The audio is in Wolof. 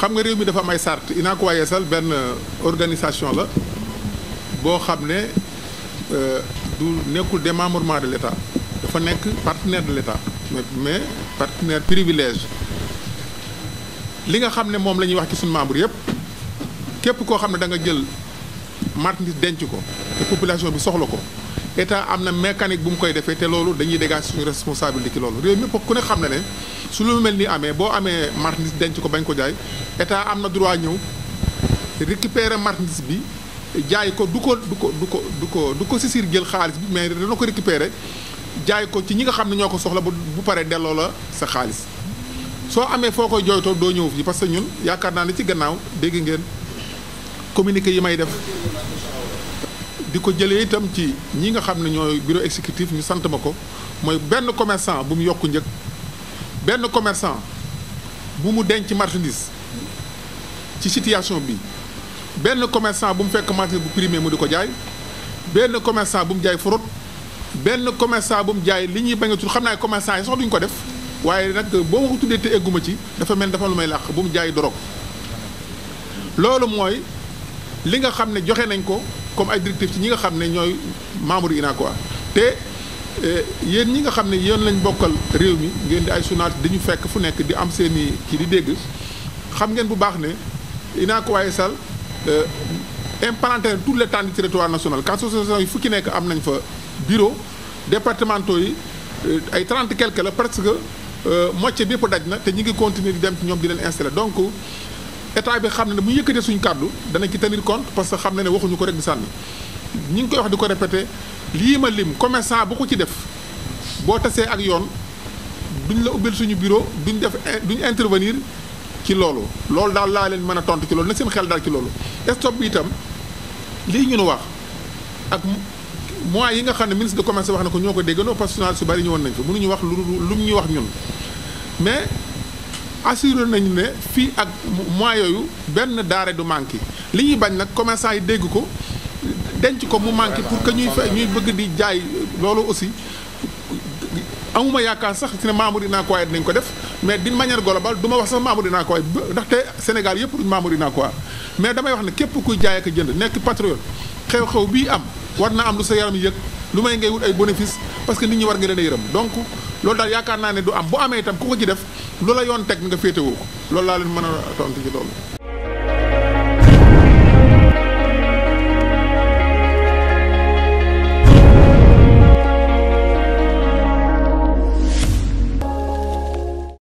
xam nga réew mi dafa am ay sart ko waa Yeesal benn euh, organisation la boo xam ne euh, du nekkul démembrement de l'État dafa nekk partenaire de l'État mais mais partenaire privilège li nga xam ne moom la ñuy wax ci suñu membre yëpp képp koo xam ne da nga jël marchandise denc ko te population bi soxla ko état am na mécanique bu mu koy defee te loolu dañuy dégager suñu di ki loolu réew mi ku ne xam na ne su lu mel ni amee boo amee marchandise denc ko bañ ko jaay état am na droit ñëw récupérer marchandise bi jaay ko du ko du ko du ko du ko du ko sisir jël xaalis bi mais dana ko récupérer jaay ko ci ñi nga xam ne ñoo ko soxla bu bu paree delloo la sa xaalis soo amee foo koy jooytoo doo ñëw fii parce que ñun yaakaar naa ne ci gannaaw dégg ngeen communiqué yi may def di ko jëlee itam ci ñi nga xam ne ñooy bureau exécutif ñu sant ma ko mooy benn commerçant bu mu yokk njëg benn commerçant bu mu denc marchandise ci situation bi benn commerçant bu mu fekk marchandise bu primé mu di ko jaay benn commerçant bu mu jaay forot benn commerçant bu mu jaay li ñuy bañ xam naa commerçant yi sox duñu ko def waaye nag boo ma ko tuddee te egguma ci dafa mel dafa lu may làq bu mu jaay dorog loolu mooy li nga xam ne joxe nañ ko comme ay directives ci ñi nga xam ne ñooy membre UNACOIS te eh, yéen ñi nga xam ne yéen lañ bokkal réew mi ngeen di ay journalistes di ñu fekk fu nekk di am seen i kii di dégg xam ngeen bu baax ne UNACOIS Yeesal eh, implanté tout l'étendue du territoire national quand association yi fukki nekk am nañ fa bureau départementaux yi eh, ay trente quelque la presque moitié bépp daj na te ñu ngi continuer di dem ci ñoom di leen installer donc état bi xam ne ne mu ñu yëkkatee suñu kàddu dana ci tenir compte parce que xam ne ne waxuñu ko rek di sànni ñi ngi koy wax di ko répété lii ma lim commerçant bu ko ci def boo tasee ak yoon duñ la ubbil suñu bureau duñ def duñ intervenir ci loolu loolu daal laa leen mën a tontu ci loolu na seen xel daal ci loolu stop bi itam lii ñu nu wax ak mois yi nga xam ne ministre de commerce wax na ko ñoo ko déggandoo parce que journaliste yu bari ñëwoon nañ fi mënuñu wax lu lum ñuy wax ñun mais assuré nañu ne fii ak mois yooyu benn daare du manqué li ñuy bañ nag commerçant yi dégg ko denc ko mu manqué pour que ñuy bëgg di jaay loolu aussi amuma yaakaar sax ci ne Mamour dinaa ko waaye dinañ ko def mais d'une manière globale du ma wax sax Mamour dinaa ko waaye ndaxte Sénégal yëpp duñ Mamour dinaa ko waaye mais damay wax ne képp kuy jaay ak jënd nekk patriote xew-xew bii am war na am lu sa yaram yëg lu may ngay wut ay bénéfice parce que nit ñi war nga leen a yërëm donc loolu daal yaakaar naa ne du am bu amee itam ku ko ci def lu la yoon teg nga féetewoo ko loolu laa leen mën a tontu ci loolu.